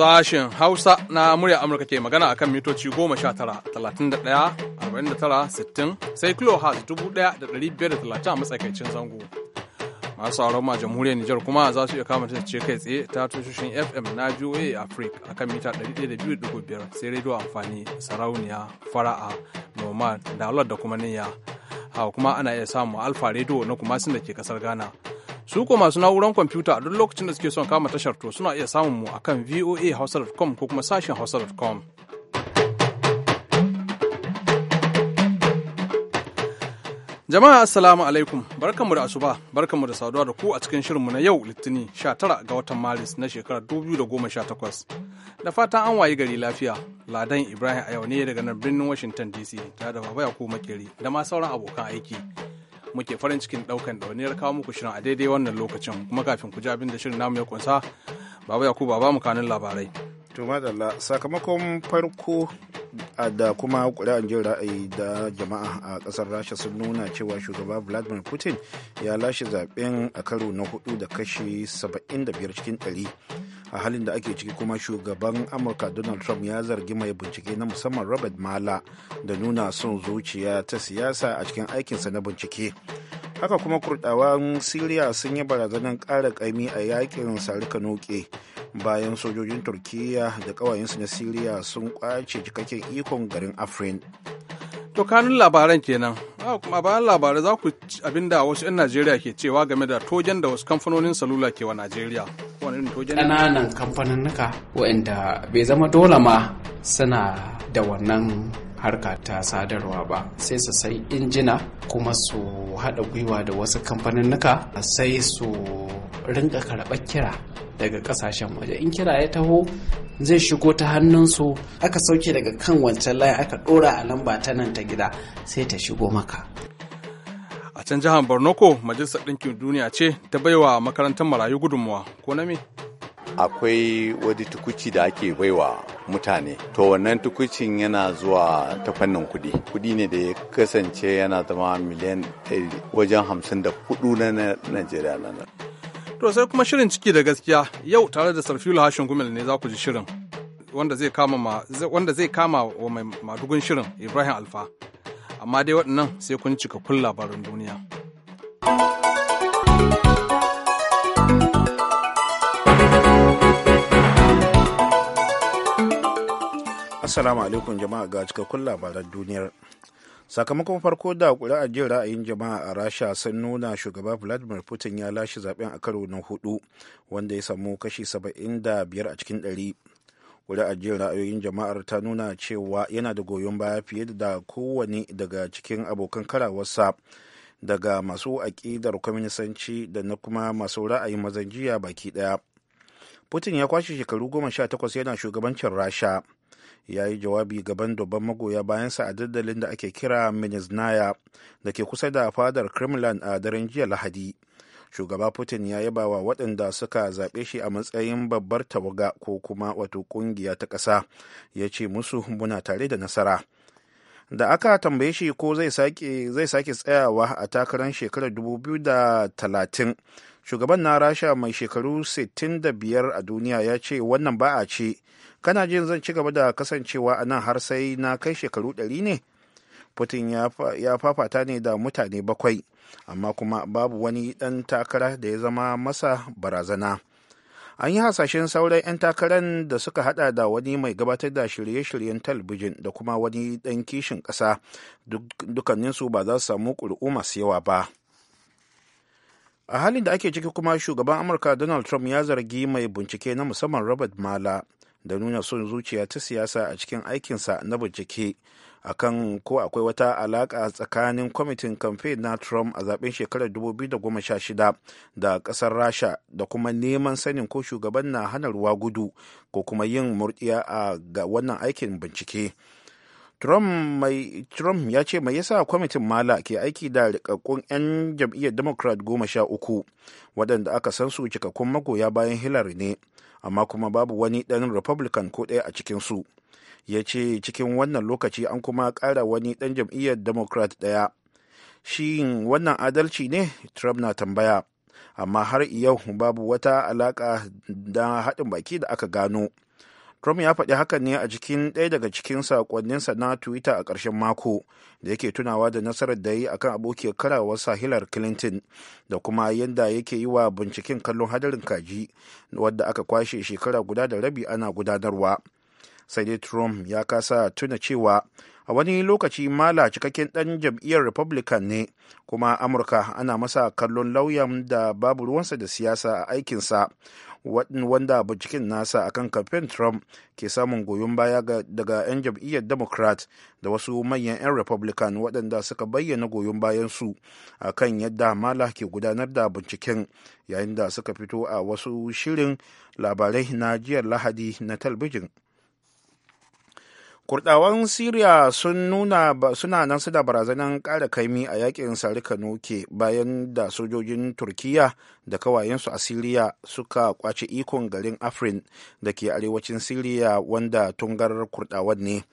Sashen Hausa na murya Amurka ke magana a kan mitoci 19 da tara sittin sai da talatin a matsakaicin zango. Masu sauran ma jamhuriyar Nijar kuma za su iya kama ce kai tsaye ta tashoshin FM na VOA Africa kan mita da da biyu biyar sai rediyo amfani sarauniya fara'a nomad dalar da kuma niyya. Hawa kuma ana iya samun alfa rediyo na kuma sun da ke kasar Ghana. Su ko masu na'urar kwamfuta a duk lokacin da suke son kama tashar to suna iya samun mu akan voahausa.com ko kuma sashen hausa.com. Jama'a assalamu alaikum barkanmu da asuba barkanmu da saduwa da ku a cikin shirinmu na yau litinin 19 ga watan Maris na shekarar 2018. Da fatan an wayi gari lafiya Ladan Ibrahim a ne daga nan birnin Washington DC tare da Baba ko Makeri da ma sauran abokan aiki muke farin cikin daukan ɗauniyar kawo muku shirin a daidai wannan lokacin kuma kafin ku ji abin da shirin namu ya kunsa baba yakubu baba mu kanin labarai to madalla sakamakon farko da kuma kuri'an jin ra'ayi da jama'a a kasar rasha sun nuna cewa shugaba vladimir putin ya lashe zaɓen a karo na hudu da kashi 75 cikin 100 a halin da ake ciki kuma shugaban amurka donald trump ya zargi mai bincike na musamman robert mala da nuna son zuciya ta siyasa a cikin aikinsa na bincike haka kuma kurdawan syria sun yi barazanar ƙara kaimi a yakin sarika noke bayan sojojin turkiya da ƙawayensu na syria sun kwace cikakken ikon garin afrin to kanun labaran kenan ah, a bayan labarai za ku abinda wasu 'yan najeriya ke cewa game da togen da wasu kamfanonin salula ke wa najeriya ƙananan kamfaninnika waɗanda bai zama dole ma suna da wannan harka ta sadarwa ba sai su sai injina kuma su haɗa gwiwa da wasu kamfaninnika sai su rinka karɓar kira daga ƙasashen waje in kira ya taho zai shigo ta hannunsu aka sauke daga kan wancan layi aka ɗora a lamba ta nan ta gida sai ta shigo maka a can jihar borno ko majalisar ɗinkin duniya ce ta baiwa makarantar marayu gudunmawa ko na me akwai wani tukuci da ake baiwa mutane to wannan tukucin yana zuwa ta fannin kudi kudi ne da ya kasance yana zama miliyan wajen hamsin da kudu na najeriya nan to sai kuma shirin ciki da gaskiya yau tare da Sarfilu hashin gumel ne za ku ji shirin wanda zai kama wa mai madugun shirin ibrahim alfa amma dai waɗannan sai kun cika kun labaran duniya. Assalamu alaikum jama'a ga cikakkun labaran duniyar. Sakamakon farko da a jin ra'ayin jama'a a Rasha sun nuna shugaba Vladimir Putin ya lashe zaben a karo na hudu wanda ya samu kashi 75 a cikin ɗari. kuri'ar jin ra'ayoyin jama'ar ta nuna cewa yana da goyon baya fiye da kowane daga cikin abokan karawarsa daga masu aƙidar kwaminisanci da na kuma masu ra'ayin mazan jiya baki ɗaya putin ya kwashe shekaru goma sha takwas yana shugabancin rasha ya yi jawabi gaban dubban magoya bayansa a dandalin da ake kira minisnaya da ke kusa da fadar kremlin a daren jiya lahadi shugaba putin ya yaba wa waɗanda suka zaɓe shi a matsayin babbar tawaga ko kuma wato ƙungiya ta ƙasa ya ce musu muna tare da nasara da aka tambaye shi ko zai sake tsayawa a takarar shekarar 2030 shugaban na rasha mai shekaru 65 a duniya ya ce wannan ba a ce kana jin zan ci gaba da kasancewa a nan har sai na kai shekaru 100 ne putin ya fafata ne da mutane bakwai amma kuma babu wani dan takara da ya zama masa barazana an yi hasashen sauran 'yan takarar da suka hada da wani mai gabatar da shirye-shiryen talbijin da kuma wani dan kishin kasa dukanninsu ba za su samu ƙuri'u masu yawa ba a halin da ake ciki kuma shugaban amurka donald trump ya zargi mai bincike na musamman robert mala da nuna son zuciya ta siyasa a cikin aikinsa na bincike akan ko akwai wata alaka tsakanin kwamitin kamfe na trump a zaben shekarar 2016 da kasar rasha da kuma neman sanin ko shugaban na hana ruwa gudu ko kuma yin murdiya a ga wannan aikin bincike trump ya ce mai yasa kwamitin mala ke aiki da rikakkun 'yan jam'iyyar democrat goma sha uku waɗanda aka san su cikakkun magoya bayan hillary ne amma kuma babu wani ɗan republican ko ɗaya a cikinsu. su ya ce cikin wannan lokaci an kuma ƙara wani ɗan jam'iyyar democrat ɗaya shi wannan adalci ne trump na tambaya amma har yau babu wata alaƙa da haɗin baki da aka gano trump ya faɗi hakan ne a cikin ɗaya daga cikin saƙonninsa na twitter a ƙarshen mako da yake tunawa da nasarar da yi a kan abokiyar karawarsa hillary clinton da kuma yadda yake yi wa binciken kallon hadarin kaji wadda aka kwashe shekara guda da rabi ana gudanarwa sai dai trump ya kasa tuna cewa a wani lokaci mala cikakken ɗan jam'iyyar republican ne kuma amurka ana masa kallon lauyan da babu ruwansa da siyasa a aikinsa wanda binciken nasa akan kamfen trump ke samun goyon baya daga 'yan jam'iyyar democrat da wasu manyan 'yan republican waɗanda suka bayyana goyon bayansu a kan yadda mala ke gudanar da binciken yayin da suka fito a wasu shirin labarai na jiyar lahadi na talbijin. kurdawan syria sun nuna suna nan su da barazanan ƙara kaimi a yakin sarika nuke bayan da sojojin turkiya da kawayensu a syria suka kwace ikon garin afrin da ke arewacin syria wanda tungar kurdawan ne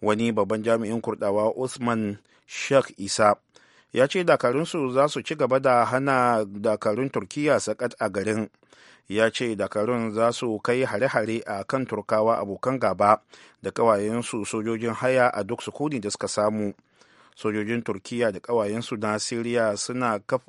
wani babban jami'in kurdawa usman sheikh isa ya ce dakarunsu za su ci gaba da hana dakarun turkiya sakat a garin ya ce dakarun za su kai hare-hare a kan turkawa abokan gaba da ƙawayensu sojojin haya a duk sukuni da suka samu sojojin turkiya da ƙawayensu na siriya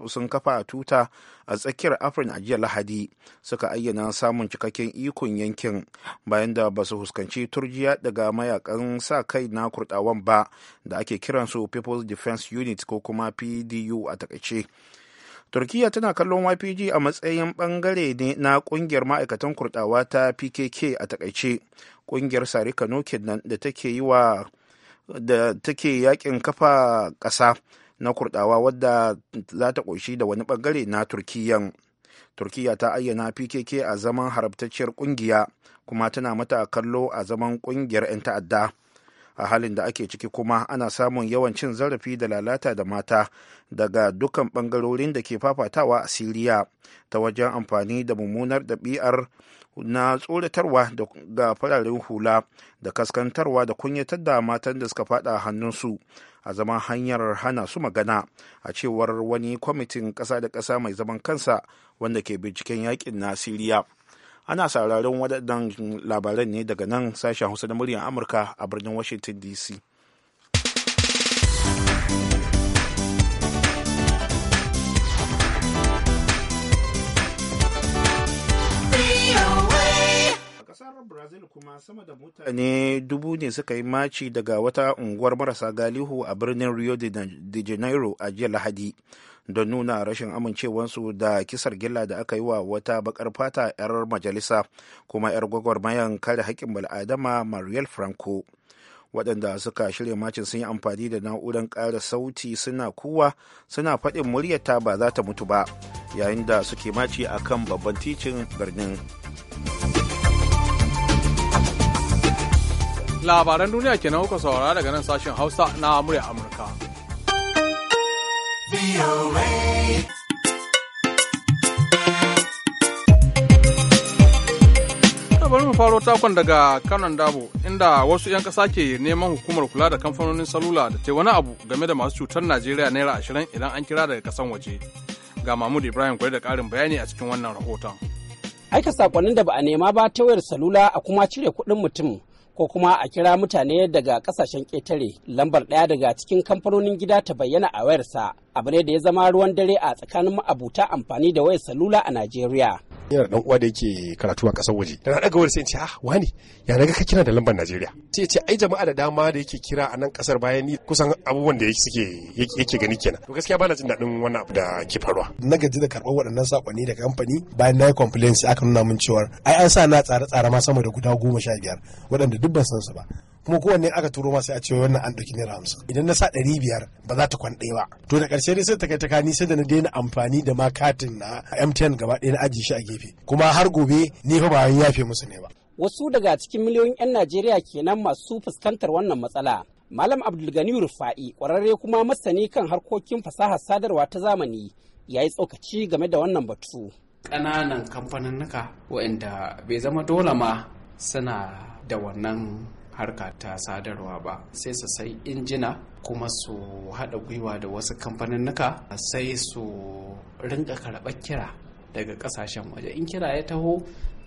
sun kafa tuta a tsakiyar afrin a jiya lahadi suka ayyana samun cikakken ikon yankin bayan da ba su huskanci turjiya daga mayakan sa kai na kurdawan ba da ake kiransu people's defense unit ko kuma pdu a takaice turkiya tana kallon ypg a matsayin bangare ne na kungiyar ma'aikatan kurdawa ta pkk a takaice kungiyar sarika nokin nan da take yi wa da take yakin kafa ƙasa na kurdawa wadda za ta ƙunshi da wani bangare na turkiyan turkiyya ta ayyana pkk a zaman harabtacciyar kungiya kuma tana mata kallo a zaman kungiyar 'yan ta'adda a halin da ake ciki kuma ana samun yawan cin zarafi da lalata da mata daga dukkan bangarorin da ke fafatawa a siriya ta wajen amfani da mummunar ɗabi'ar na tsoratarwa ga fararen hula da kaskantarwa da kunyatar da matan da suka fada hannunsu a zaman hanyar hana su magana a cewar wani kwamitin ƙasa da ƙasa mai zaman kansa wanda ke binciken yakin na siriya ana sauraron waɗannan labaran ne daga nan sashen hausa na muryar amurka a birnin washington dc kasar brazil kuma sama da mutane dubu ne suka yi maci daga wata unguwar marasa galihu a birnin rio de janeiro a jiya lahadi don nuna rashin amincewarsu da kisar gilla da aka yi wa wata bakar fata 'yar majalisa kuma 'yar gwagwarmayan kare haƙƙin bal'adama mariel franco waɗanda suka shirya macin sun yi amfani da na'urar ƙara sauti suna kuwa suna faɗin muryata ba za ta mutu ba yayin da suke maci a kan babban titin birnin. Labaran duniya kenan kuka saurara daga nan sashen Hausa na murya Amurka. bari mu faro takon daga kanan dabo inda wasu 'yan kasa ke neman hukumar kula da kamfanonin salula da ta wani abu game da masu cutar najeriya naira ashirin idan an kira daga kasan waje ga mahmud ibrahim kwari da karin bayani a cikin wannan rahoton aika sakonnin da ba a nema ba ta wayar salula a kuma cire kuɗin mutum ko kuma a kira mutane daga kasashen ƙetare lambar ɗaya daga cikin kamfanonin gida ta bayyana a wayarsa abu ne da ya zama ruwan dare a tsakanin ma'abuta amfani da wayar salula a najeriya yana dan uwa da yake karatu a kasar waje da na daga wani sai ce ah wani ya naga ka kira da lambar Najeriya sai ce ai jama'a da dama da yake kira a nan kasar bayan ni kusan abubuwan da yake gani kenan to gaskiya bana jin daɗin wannan abu da ke faruwa na gaji da karɓar waɗannan sakonni daga kamfani bayan na yi complaints aka nuna min cewa ai an sa na tsare-tsare ma sama da guda goma sha biyar waɗanda duk ban san su ba kuma kowanne aka turo ma sai a ce wannan an ɗauki naira hamsin idan na sa ɗari biyar ba za ta kwan ɗaya ba to da ƙarshe dai sai ta kai ta kani sai da na daina amfani da ma katin na mtn gaba ɗaya na aji shi a gefe kuma har gobe ni fa ba yafe musu ne ba. wasu daga cikin miliyoyin 'yan najeriya kenan masu fuskantar wannan matsala Malam Abdulgani Rufa'i ƙwararre kuma masani kan harkokin fasahar sadarwa ta zamani ya yi tsokaci game da wannan batu. Ƙananan kamfanin nuka wa'inda bai zama dole ma suna da wannan harka ta sadarwa ba sai su sai injina kuma su haɗa gwiwa da wasu kamfanin kamfaninnika sai su rinka karɓar kira daga ƙasashen waje in kira ya taho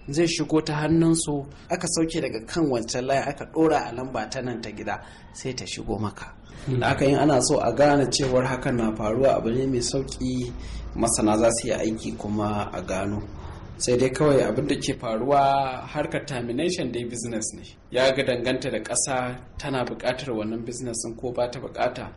zai shigo ta hannunsu aka sauke daga kan wancan layin aka ɗora a lamba ta nan ta gida sai ta shigo maka da aka yin ana so a gane cewar hakan na faruwa abu ne mai sauƙi masana za su yi aiki kuma a gano sai dai kawai abin da ke faruwa harkar termination dai business ne ya ga danganta da ƙasa tana buƙatar wannan business ko ba ta buƙata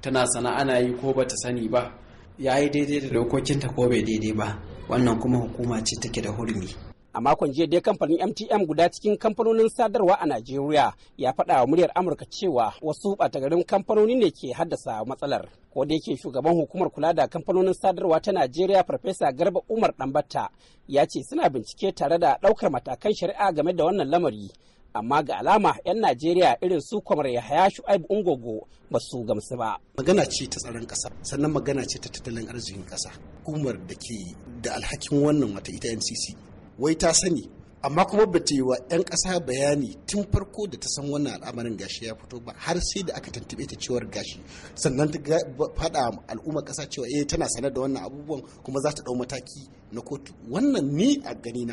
tana sana'a yi ko ba ta sani ba ya yi daidai da dokokinta ko bai daidai ba wannan kuma hukuma ce take da hurmi a makon jiya dai kamfanin mtm guda cikin kamfanonin sadarwa a najeriya ya faɗa wa muryar amurka cewa wasu ɓatagarin kamfanoni ne ke haddasa matsalar ko da yake shugaban hukumar kula da kamfanonin sadarwa ta najeriya farfesa garba umar Ɗanbata ya ce suna bincike tare da ɗaukar matakan shari'a game da wannan lamari amma ga alama 'yan najeriya irin su kwamar yahaya shu'aibu ungogo ba su gamsu ba magana ce ta tsaron ƙasa sannan magana ce ta tattalin arzikin ƙasa hukumar da ke da alhakin wannan wata ita mcc wai ta sani amma kuma ba ta yi wa 'yan ƙasa bayani tun farko da ta san wannan al'amarin gashi ya fito ba har sai da aka tantube ta cewar gashi sannan ta faɗa al'umma ƙasa cewa eh tana sanar da wannan abubuwan kuma za ta ɗau mataki na kotu wannan ni a gani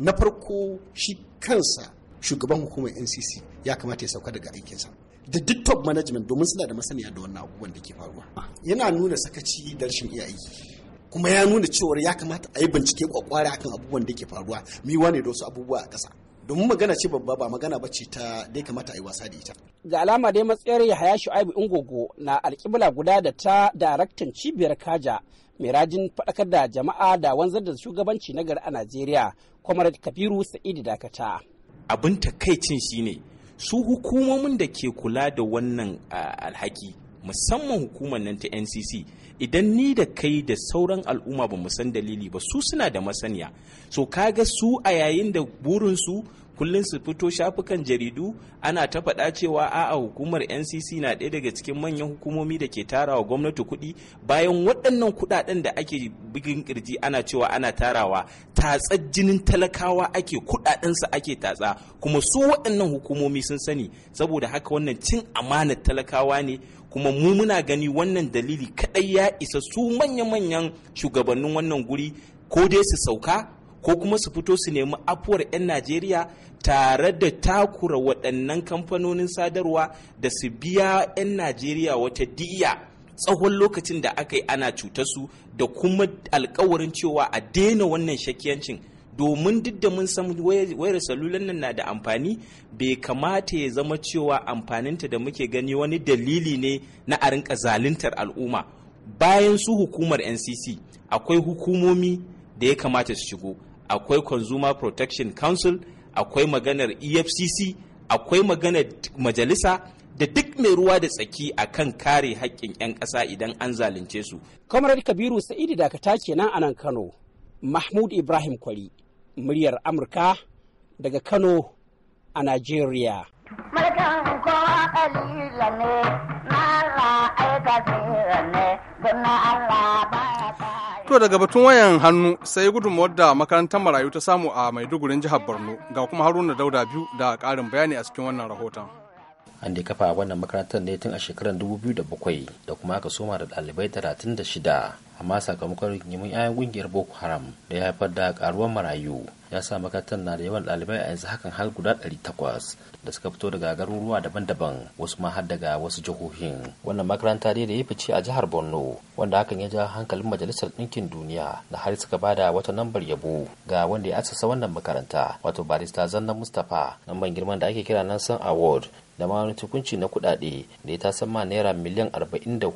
na farko shi kansa shugaban hukumar ncc ya kamata ya sauka daga aikinsa da duk top management domin suna da masaniya da wannan abubuwan da ke faruwa yana nuna sakaci da rashin iya aiki kuma ya nuna cewar ya kamata a yi bincike kwakwara akan abubuwan da ke faruwa mi ne da wasu abubuwa a ƙasa domin magana ce babba ba magana ba ce ta da kamata a yi wasa da ita. Ga alama dai matsayar Yahaya Shu'aibu Ingogo na alkibla guda da ta daraktan cibiyar Kaja mai rajin faɗakar da jama'a da wanzar da shugabanci na gari a Najeriya, kwamar Kabiru Sa'idu Dakata. Abin takaicin shine su hukumomin da ke kula da wannan alhaki musamman hukumar nan ta NCC idan ni da kai da sauran al'umma ba mu san dalili ba su suna da masaniya so ga su a yayin da burinsu kullum su fito shafukan jaridu ana ta faɗa cewa a'a hukumar ncc na ɗaya daga cikin manyan hukumomi da ke tarawa gwamnati kuɗi bayan waɗannan kuɗaɗen da ake bugin ƙirji ana cewa ana tarawa tatsar jinin talakawa ake kuɗaɗensu ake tatsa kuma su waɗannan hukumomi sun sani saboda haka wannan cin amanar talakawa ne kuma mu muna gani wannan dalili kadai ya isa su manya-manyan shugabannin wannan guri ko dai su sauka ko kuma su fito su nemi afuwar 'yan najeriya tare da takura waɗannan kamfanonin sadarwa da su biya 'yan najeriya wata diya tsawon lokacin da aka yi ana cutar su da kuma alkawarin cewa a daina wannan shakiyancin domin duk da mun san wayar salulan nan na da amfani bai kamata ya zama cewa amfaninta da muke gani wani dalili ne na a rinka zaluntar al'umma bayan su hukumar ncc akwai hukumomi da ya kamata su shigo akwai consumer protection council akwai maganar efcc akwai maganar majalisa da duk mai ruwa da tsaki a kan kare haƙƙin 'yan ƙasa idan an zalunce su. Kamar Kabiru Sa'idu Dakata kenan a nan Kano, Mahmud Ibrahim Kwari, muryar Amurka daga Kano a Najeriya. To daga batun wayan hannu sai gudunmawar da makarantar marayu ta samu a Maidugurin jihar Borno ga kuma Haruna Dauda biyu da karin bayani a cikin wannan rahoton. An da kafa wannan makarantar ne tun a shekarar 2007 da kuma aka soma da ɗalibai 36 amma sakamakon rigimin 'ya'yan kungiyar boko haram da ya haifar da karuwar marayu ya sa makarantar na da yawan ɗalibai a yanzu hakan har guda 800 da suka fito daga garuruwa daban-daban wasu ma har daga wasu jihohin wannan makaranta dai da ya fice a jihar borno wanda hakan ya ja hankalin majalisar ɗinkin duniya da har suka bada wata lambar yabo ga wanda ya asasa wannan makaranta wato barista zanna mustapha ban girman da ake kira nansan award da ma wani tukunci na kuɗaɗe da ya tasamma naira miliyan 44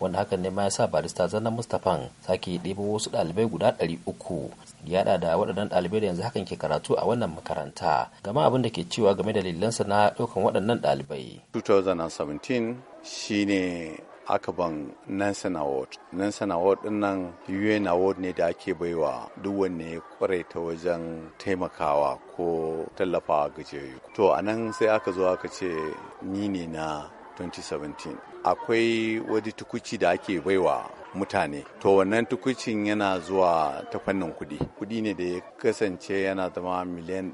wanda hakan ne ma ya sa barista zanen mustafan sake ɗebo wasu ɗalibai guda ɗari uku yaɗa da waɗannan ɗalibai da yanzu hakan ke karatu a wannan makaranta gama abin da ke cewa game da lillansa na ɗaukan waɗannan ɗalibai 2017 shine aka ban Nansen Award. Nansen Award din nan UN Award ne da ake baiwa duk wanne kware ta wajen taimakawa ko tallafawa gajiyayyu. To a nan sai aka zo aka ce ni ne na 2017 akwai wani tukuci da ake baiwa mutane to wannan tukucin yana zuwa ta fannin kuɗi kuɗi ne da ya kasance yana zama miliyan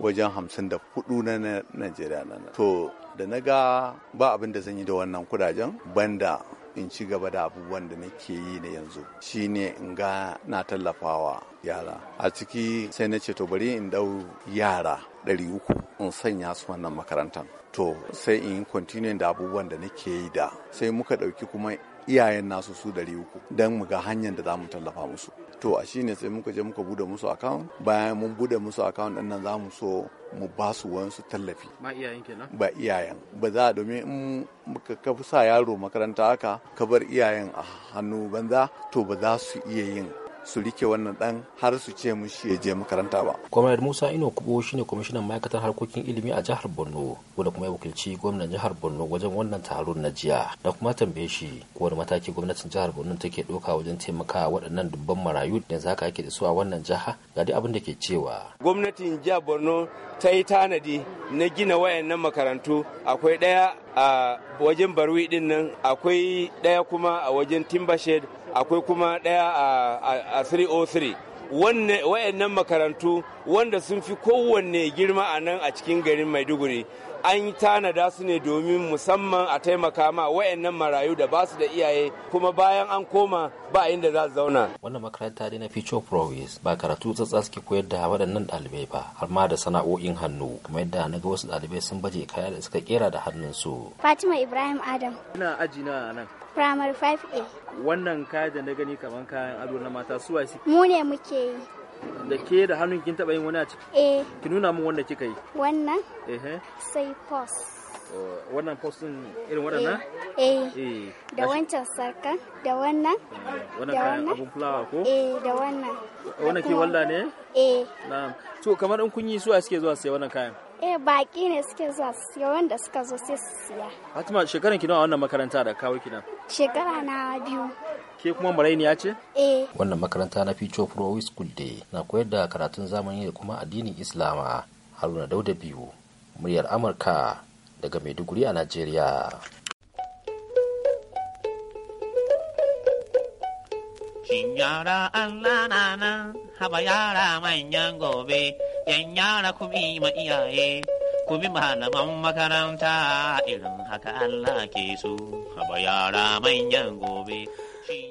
wajen hamsin da hudu na najeriya to da na ga ba abin da zan yi da wannan kudajen banda in ci gaba da abubuwan da nake yi na yanzu shine in ga na tallafawa yara a ciki sai na ce to bari in dau yara ɗari uku in sanya su wannan makarantar to sai in continue da abubuwan da nake yi da sai muka ɗauki kuma iyayen nasu su ɗari uku don mu ga hanyar da za mu tallafa musu to a shine sai muka je muka bude musu account bayan mun bude musu account din nan za mu so mu ba su wasu tallafi ba iyayen ba iyayen ba za domin in muka ka sa yaro makaranta haka ka bar iyayen a hannu banza to ba za su iya yin su rike wannan dan har su ce mushi ya je makaranta ba. Kwamar Musa Ino Kubo shine kwamishinan ma'aikatar harkokin ilimi a jihar Borno wanda kuma ya wakilci gwamnan jihar Borno wajen wannan taron na jiya da kuma tambaye shi ko wani mataki gwamnatin jihar Borno take ɗauka wajen taimaka waɗannan dubban marayu da yanzu haka ake da su a wannan jiha ga dai abin da ke cewa. Gwamnatin jihar Borno ta yi tanadi na gina wayannan makarantu akwai ɗaya a wajen barwi ɗin nan akwai ɗaya kuma a wajen timbashed akwai kuma ɗaya a a 303 wayannan makarantu wanda sun fi kowanne girma a nan a cikin garin maiduguri an yi tanada su ne domin musamman a taimaka ma wayannan marayu da ba su da iyaye kuma bayan an koma ba inda za su zauna. Wannan makaranta dai na Ficho Prowis ba karatu tsatsa suke koyar da waɗannan ɗalibai ba har ma da sana'o'in hannu kuma yadda na ga wasu ɗalibai sun baje kaya da suka kera da hannunsu. Fatima Ibrahim Adam. Ina aji na nan. Primary 5A. Wannan kaya da na gani kamar kayan ado na mata suwa Mu ne muke yi. da ke da hannun kin taba yin wani a ciki eh ki nuna mun wanda kika yi wannan eh sai pos oh, wannan pos din irin waɗannan eh, eh. eh. da wancan sarka da wannan eh, wannan kayan abun fulawa ko eh da wannan wannan ke walla ne eh na'am to kamar in kun yi suwa suke zuwa sai wannan kayan eh baki ne suke zuwa su siya wanda suka zo sai su siya hatima shekaran ki nawa wannan makaranta da kawo ki nan shekara na biyu Ke kuma maraini ya ce? Eh. Wannan makaranta na Ficho Pro School Day na koyar da karatun zamani da kuma addinin Islama. Haruna Dauda biyu, muryar Amurka daga Maiduguri a Najeriya. Shin yara Allah na nan, haba yara manyan gobe, yan yara bi ma iyaye. ku bi malaman makaranta irin haka Allah ke so, haba yara manyan gobe.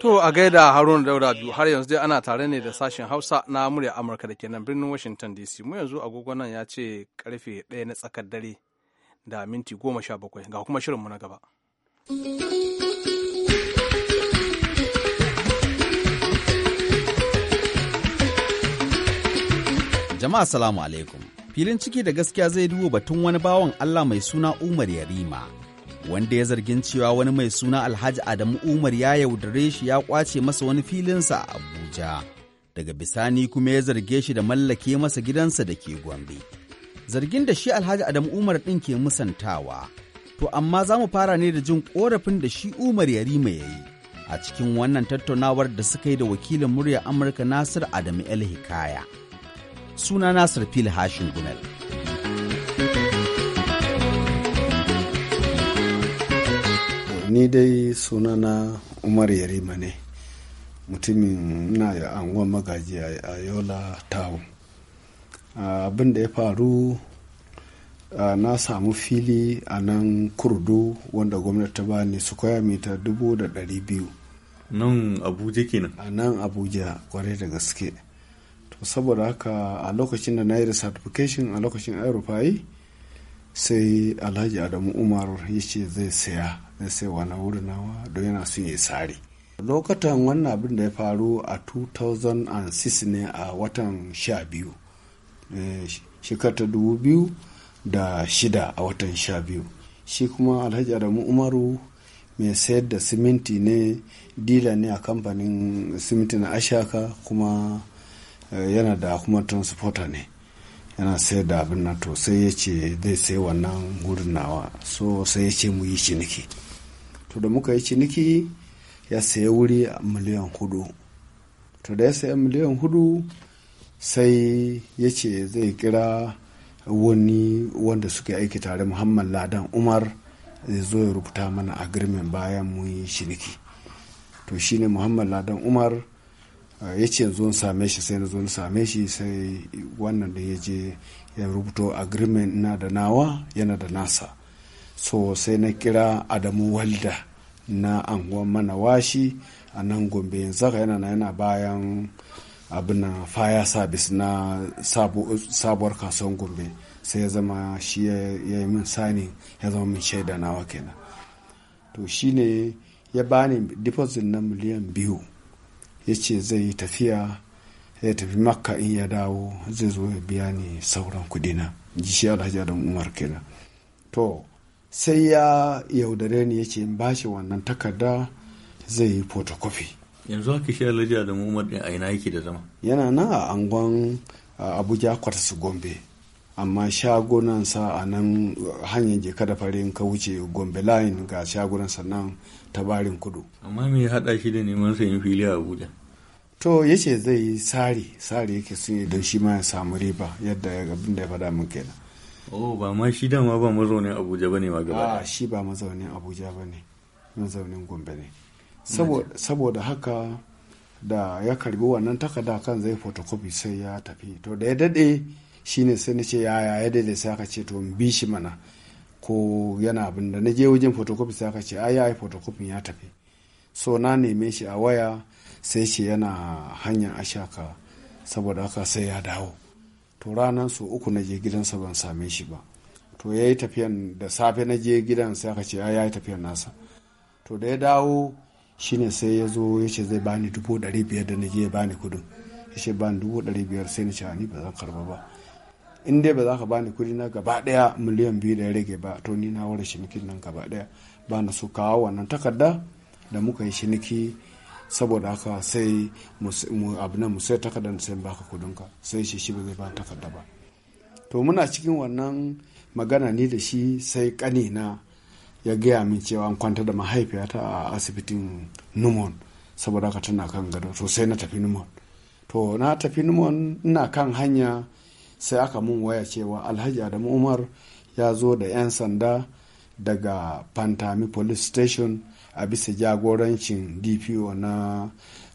To a gaida Haruna Daura biyu har yanzu dai ana tare ne da sashen Hausa na murya Amurka da ke nan birnin Washington DC. Mu yanzu agogo nan ya ce karfe ɗaya na tsakar dare da minti goma sha bakwai ga kuma shirin mu na gaba. Jama'a salamu alaikum. Filin ciki da gaskiya zai duba batun wani bawan Allah mai suna Umar Yarima. wanda ya zargin cewa wani mai suna Alhaji Adamu Umar ya yaudare shi ya kwace masa wani filinsa a Abuja. Daga bisani kuma ya zarge shi da mallake masa gidansa da ke Gombe. Zargin da shi Alhaji Adamu Umar ɗin ke musantawa. To amma za mu fara ne da jin korafin da shi Umar Yarima ya yi a cikin wannan tattaunawar da suka yi da wakilin murya Amurka Nasir Adamu El Hikaya. Suna Nasir Fil Hashin Gunal. ni dai sunana umar yarima ne mutumin na anguwan magaji a yola town abin da ya faru na samu fili a nan kurdu wanda gwamnati ta bani ni sukwaya mita dubu da dari biyu nan abuja kenan a nan abuja kwarai da gaske to saboda haka a lokacin da na yi certification a lokacin aerofayi sai alhaji adamu umar ya ce zai saya zai sai wani wuri nawa don yana son ya sare lokacin wannan abin da ya faru a 2006 ne a watan 12 biyu da eh, shida a watan 12 shi kuma alhaji adamu umaru mai sayar da siminti ne dila ne a kamfanin siminti na ashaka kuma eh, yana da kuma transporter ne yana sai da abin na to sai ya ce zai sai wannan wurin nawa so sai ya ce mu yi ciniki to da muka yi ciniki ya saya wuri a miliyan hudu to da ya saya miliyan hudu sai ya ce zai kira wani wanda suke aiki tare muhammad ladan umar zai zo ya rubuta mana agreement bayan mu yi ciniki to shine muhammad ladan umar Eh, ya ce zo same shi sai na zo same shi sai wannan da ya je ya rubuto agreement na da nawa yana da nasa so sai na kira adamu walda na anguwan washi a nan gombe yanzu yana na yana bayan abin na fire service na sabuwar kasuwan gombe sai ya zama shi ya yi min sani ya zama min shaida nawa kenan to shine ya bani deposit na miliyan biyu ya ce zai yi tafiya ya tafi makka in ya dawo zai zo ya biya ni sauran kudina ji shi alhaji adam umar kenan to sai ya yaudare ni ya ce in bashi wannan takarda zai yi photocopy yanzu haka shi alhaji adam umar din a ina yake da zama yana nan a angon abuja kwatsu gombe amma sa a nan hanyar jeka da farin ka wuce gombe line ga shagunan nan ta barin kudu amma me ya haɗa shi da neman sayin fili a abuja to ya ce zai yi sari sari yake sun yi don shi ma ya samu riba yadda ya abin da ya faɗa min kenan oh ba ma shi dama ba mazaunin abuja ba ne ma gaba a shi ba mazaunin abuja ba ne mazaunin gombe ne saboda haka da ya karbi wannan takarda kan zai photocopy sai ya tafi to da ya dade ne sai na ce ya ya dade sai aka ce to bi shi mana ko yana abin da na je wajen photocopy sai aka ce ai ai photocopy ya tafi so na neme shi a waya sai shi yana hanyar ashaka saboda haka sai ya dawo to ranar su uku na je gidansa ban same shi ba to ya yi tafiyan da safe na je gidan sai aka ce ya yi tafiyan nasa to da ya dawo shine sai ya zo ya ce zai bani dubu ɗari biyar da na je ya bani kudin ya ce bani dubu ɗari biyar sai na ce ni ba zan karba ba in dai ba za ka bani kudi na gaba ɗaya miliyan biyu da ya rage ba to ni na ware shinikin nan gaba ɗaya ba na so kawo wannan takarda da muka yi shiniki saboda haka sai abu nan mu sai takardar sai baka kudinka sai shi shi ba zai ba takarda ba to muna cikin wannan magana ni da shi sai kani na ya gaya min cewa an kwanta da mahaifiyata a asibitin numon saboda haka tana kan gado to sai na tafi numon to na tafi numon ina kan hanya sai aka mun waya cewa alhaji adamu umar ya zo da 'yan sanda daga pantami police station a bisa jagorancin dpo na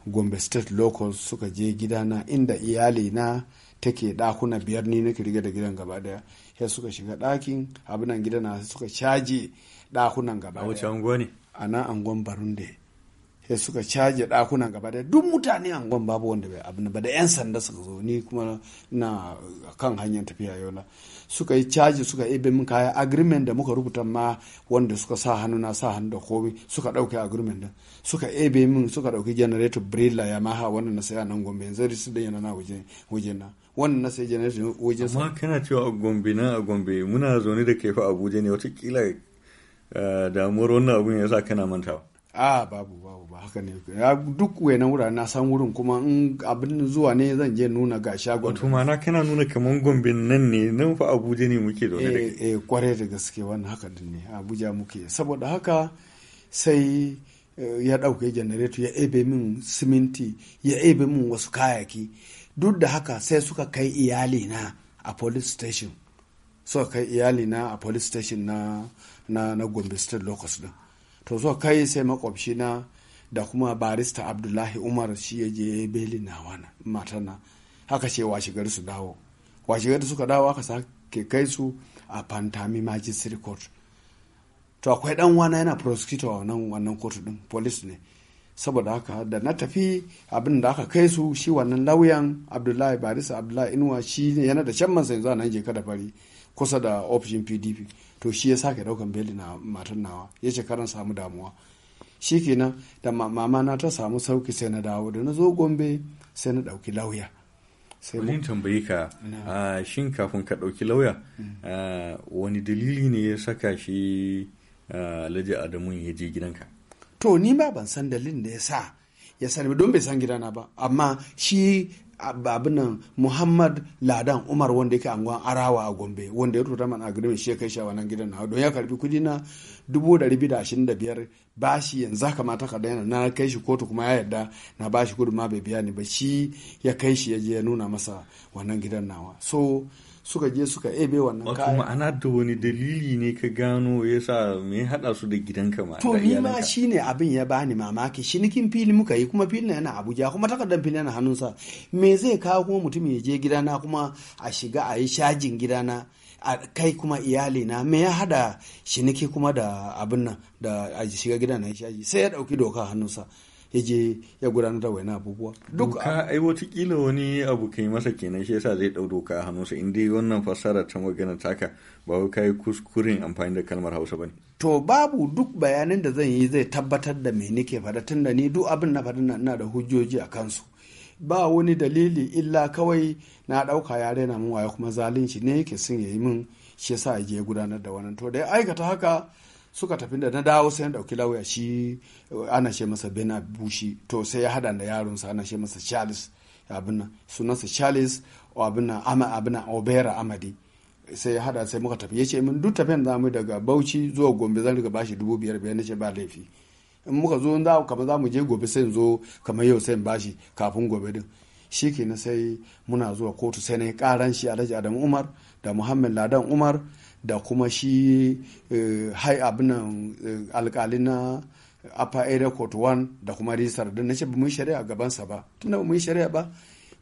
gombe state locals suka je gidana inda iyali na take dakuna biyar ni nake riga da gidan gaba daya sai suka shiga ɗakin abinan gidana suka caje dakunan gaba daya a wucewan anguwa a nan barunde sai suka caje dakunan gaba da duk mutane gwan babu wanda bai abin ba da 'yan sanda suka zo ni kuma na kan hanyar tafiya yau na suka yi caji suka ebe min kaya agreement da muka rubuta ma wanda suka sa hannu na sa hannu da komai suka ɗauke agreement din suka ebe min suka dauki generator brilla ya maha wanda na a nan gombe yanzu su da yana na waje na wannan na sai generator wajen sa amma kana cewa a gombe na a gombe muna zaune da kai fa abuja ne watakila eh, damuwar wannan abun ya sa kana mantawa a babu babu ba haka ne duk wayanan wurare na san wurin kuma in abin zuwa ne zan je nuna ga shagon wato ma'ana kana nuna kaman gombe nan ne nan fa abuja ne muke da wani eh, eh kware da gaske wannan haka din ne abuja muke saboda haka sai eh, ya ɗauke janareto ya ebe min siminti ya ebe min wasu kayaki duk da haka sai suka kai iyali na a police station suka kai iyali na a police station na na, na gombe state locus din to so kai sai makwabci na da kuma barista abdullahi umar shi ya je beli na wana matana haka ce washigar su dawo washigar suka dawo aka sake kai su a pantami magistrate court to akwai dan wana yana prosecutor wannan wannan kotu din police ne saboda haka da na tafi abin da aka kai su shi wannan lauyan abdullahi barista abdullahi inuwa shi ne yana da shan mansa yanzu a nan je kada fari kusa da ofishin pdp to shi ya sake daukan beli na matan nawa ya ce karan samu damuwa shi kenan da mama na ta samu sauki sai na dawo da na zo gombe sai na dauki lauya sai mun tambayi ka shin kafin ka dauki lauya mm. wani dalili ne ya saka shi alhaji adamu ya je gidanka to ni ba ban san dalilin da ya sa ya sani don bai san gidana ba amma shi abin nan muhammad ladan umar wanda yake anguwan arawa a gombe wanda ya tuta mana agreement shi ya kai shawa nan gidan na don ya karbi kudi na dubu da ribi da ashirin da biyar bashi yanzu haka ma ka yana na kai shi kotu kuma ya yarda na bashi shi ma bai biya ni ba shi ya kai shi ya je ya nuna masa wannan gidan nawa so suka je suka ebe wannan kayan. Wato ma'ana da wani dalili ne ka gano ya sa me haɗa su da gidanka ma. To ni ma shi ne abin ya bani mamaki nikin fili muka yi kuma filin yana Abuja kuma takardar fili yana hannunsa me zai kawo kuma mutum ya je gidana kuma a shiga a yi shajin gidana. a kai kuma iyali na me ya hada shiniki kuma da abin nan da a shiga gidan na shaji sai ya dauki doka hannunsa ya je ya gudanar da wani abubuwa a ai watakila wani abu kai masa kenan shi yasa zai dau doka a hannunsa in dai wannan fassara ta magana taka ba wai kai kuskuren amfani da kalmar Hausa bane to babu duk bayanin da zan yi zai tabbatar da me nake faɗa tunda ni duk abin na faɗa ina da hujjoji a kansu ba wani dalili illa kawai na ɗauka ya raina min waye kuma zalunci ne yake son ya yi min shi yasa ya je gudanar da wannan to da ya aikata haka suka tafi da na dawo sai na dauki lauya shi ana ce masa bena bushi to sai ya hada da yaronsa ana ce masa charles abin nan sunansa charles abin nan ama abin nan obera amadi sai ya hada sai muka tafi ya ce min duk tafiyan za mu daga bauchi zuwa gombe zan riga bashi dubu biyar biyar na ce ba laifi in muka zo za kamar za mu je gobe sai zo kamar yau sai bashi kafin gobe din shi na sai muna zuwa kotu sai na karan shi alhaji adamu umar da muhammad ladan umar da kuma shi eh, hai abinan eh, alkali na upper area court 1 da kuma risar da na ce ba mu yi shari'a gabansa ba tunda ba mu shari'a ba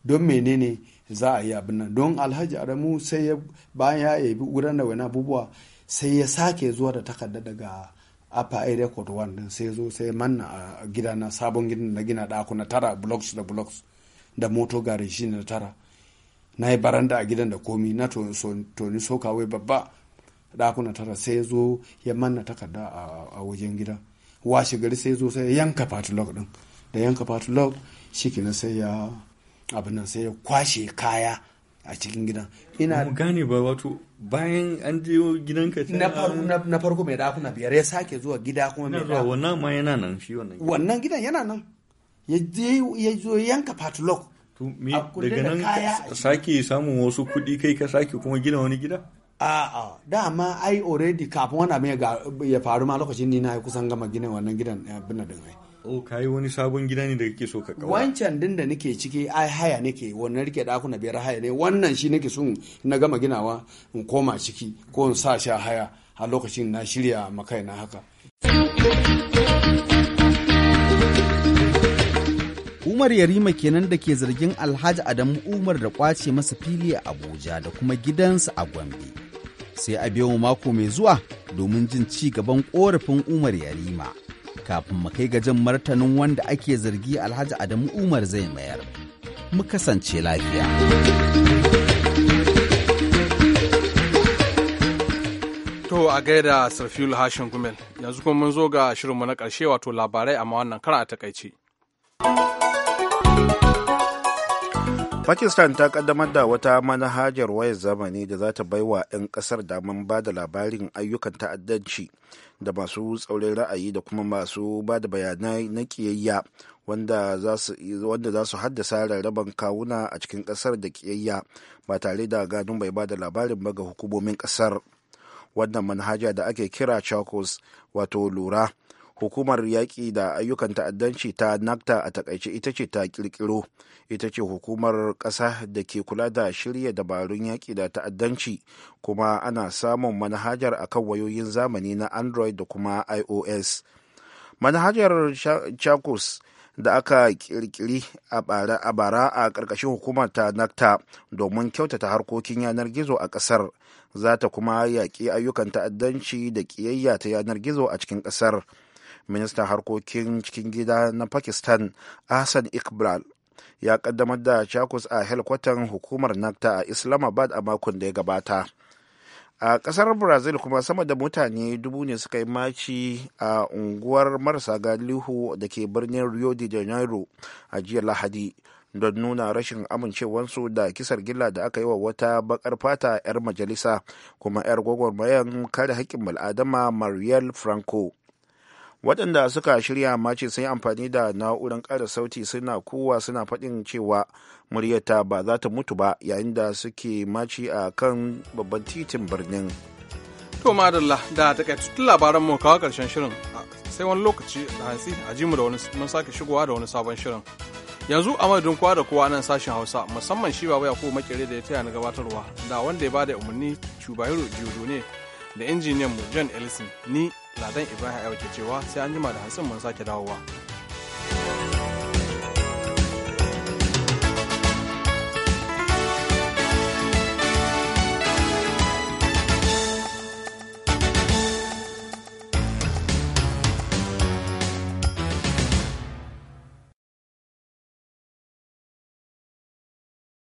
don menene za a yi abin nan don alhaji adamu sai ya bayan ya yabi wurin da wani abubuwa sai ya sake zuwa da takarda daga apa area court 1 din sai zo sai manna a gida na sabon gidan na gina ɗaku na tara blocks da blocks da moto gari shi na tara na yi baranda a gidan da komi na toni sokawai babba ɗakuna tara sai ya zo ya manna takarda a wajen gida washe gari sai ya zo sai ya yanka patulok ɗin da yanka patulok shi kenan sai ya abin nan sai ya kwashe kaya a cikin gidan ina gane ba wato bayan an je gidanka ta na farko mai dakuna biyar ya sake zuwa gida kuma mai dakuna wannan ma yana nan shi wannan wannan gidan yana nan ya je ya zo yanka patulok daga nan sake samun wasu kuɗi kai ka sake kuma gina wani gida A'a, dama ai already kafin wani abin ya faru ma lokacin ni na kusan gama ginin wannan gidan eh, abin da mai. O oh, ka yi wani sabon gida ne da kake so ka kawo. Wancan din da nake ciki ai haya nake wannan rike dakuna biyar haya ne wannan shi nake so na gama ginawa in koma ciki ko in sa sha haya a lokacin na shirya makai na haka. Umar Yarima kenan da ke zargin Alhaji Adamu Umar da kwace masa fili a Abuja da kuma gidansa a Gombe. sai a biyo mako mai zuwa domin jin ci gaban korafin Umar Yarima. Kafin mu kai ga martanin wanda ake zargi Alhaji Adamu Umar zai mayar. Mu kasance lafiya. To a gaida sarfiul Hashin Gumel, yanzu kuma mun zo ga shirinmu na ƙarshe wato labarai amma wannan kara a takaice. Pakistan ta kaddamar da wata manhajar wayar zamani da za ta baiwa 'yan kasar damar ba da labarin ayyukan ta'addanci da masu tsaurin ra'ayi da kuma masu ba da bayanai na kiyayya wanda za su haddasa rarraban kawuna a cikin kasar da kiyayya ba tare da ganin bai ba da labarin ba ga hukumomin kasar. Wannan manhaja da ake kira chakos wato lura hukumar yaƙi da ayyukan ta'addanci ta nakta a takaice ita ce ta ƙirƙiro ita ce hukumar ƙasa da ke kula da shirya dabarun yaƙi da ta'addanci kuma ana samun manhajar kan wayoyin zamani na android da kuma ios manhajar chakus da aka ƙirƙiri a bara a ƙarƙashin hukumar ta nakta domin kyautata harkokin yanar gizo a ƙasar za ta kuma yaƙi ayyukan ta'addanci da ƙiyayya ta yanar gizo a cikin ƙasar. ministan harkokin cikin gida na pakistan ahsan iqbal ya kaddamar da chakus a helkwatan hukumar nakta a islamabad a makon da ya gabata a kasar brazil kuma sama da mutane dubu ne suka yi maci a unguwar marasa galihu da ke birnin rio de janeiro a jiya lahadi don nuna rashin amincewarsu da kisar gilla da aka yi wa wata bakar fata 'yar majalisa kuma 'yar gwagwarmayan kare haƙƙin bal'adama mariel franco waɗanda suka shirya mace sun yi amfani da na'urar ƙara sauti suna kowa suna faɗin cewa muryata ba za ta mutu ba yayin da suke maci a kan babban titin birnin to madalla da takaitattun labaran mu kawo karshen shirin sai wani lokaci da hantsi a jimu da wani mun sake shigowa da wani sabon shirin yanzu a madadin kowa da kowa nan sashen hausa musamman shi baba yakubu makere da ya taya na gabatarwa da wanda ya bada umarni shubairu jiyo ne da injiniyan mu john ellison ni Ladan Ibrahim Aiwa ke cewa sai an jima da hantsin mun sake dawowa.